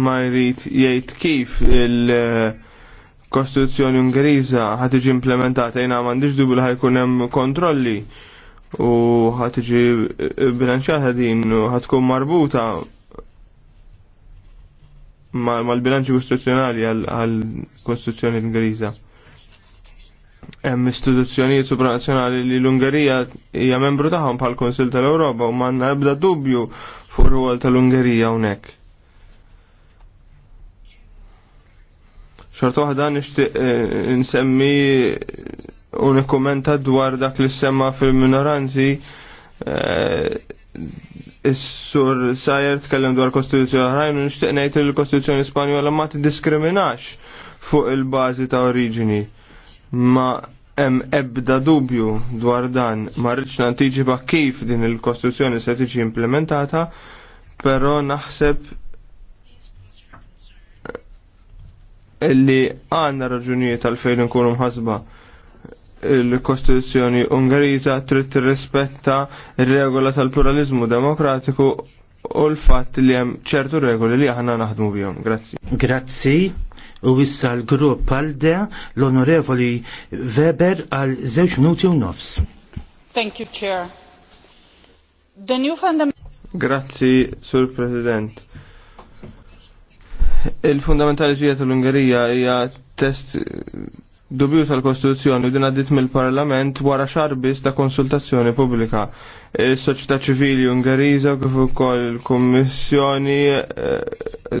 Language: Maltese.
ma jrid jgħid kif il-Kostituzzjoni Ungeriża ħad tiġi implementata jiena m'għandix dubju li ħajkun hemm kontrolli u ħad tiġi bilanċjata din u ħad tkun marbuta mal-bilanċi kostituzzjonali għal-Kostituzzjoni Ungeriża. Hemm istituzzjonijiet supranazzjonali li l-Ungerija hija membru tagħhom bħal konsil tal-Ewropa u m'għandna ebda dubju fuq ir-rwol tal-Ungerija hawnhekk. Xorta waħda nixtieq eh, nsemmi u nikkumenta dwar dak li semma fil-minoranzi eh, Is-sur Sajer tkellem dwar kostituzzjoni ħrajn u nixtieq ngħid li l-Kostituzzjoni Spanjola ma tiddiskriminax fuq il-bażi ta' oriġini. Ma hemm ebda dubju dwar dan ma rridx nantiċipa kif din il-Kostituzzjoni se tiġi implementata, però naħseb li għanna raġunijiet għalfejn nkunu mħasba il-Kostituzzjoni Ungariża trid tirrispetta r-regola tal-pluralizmu demokratiku u l-fatt li hemm ċertu regoli li aħna naħdmu bihom. Grazzi. Grazzi. U issa l-grupp għalde l-onorevoli Weber għal żewġ minuti u nofs. Thank you, Chair. The new fundamental... Grazzi, Sur President Il-fundamentaliġija tal-Ungerija hija test dubju tal-Kostituzzjoni u din għaddit mill-Parlament wara xarbis ta' konsultazzjoni pubblika. il soċjetà ċivili Ungeriża kif ukoll il-Kummissjoni eh,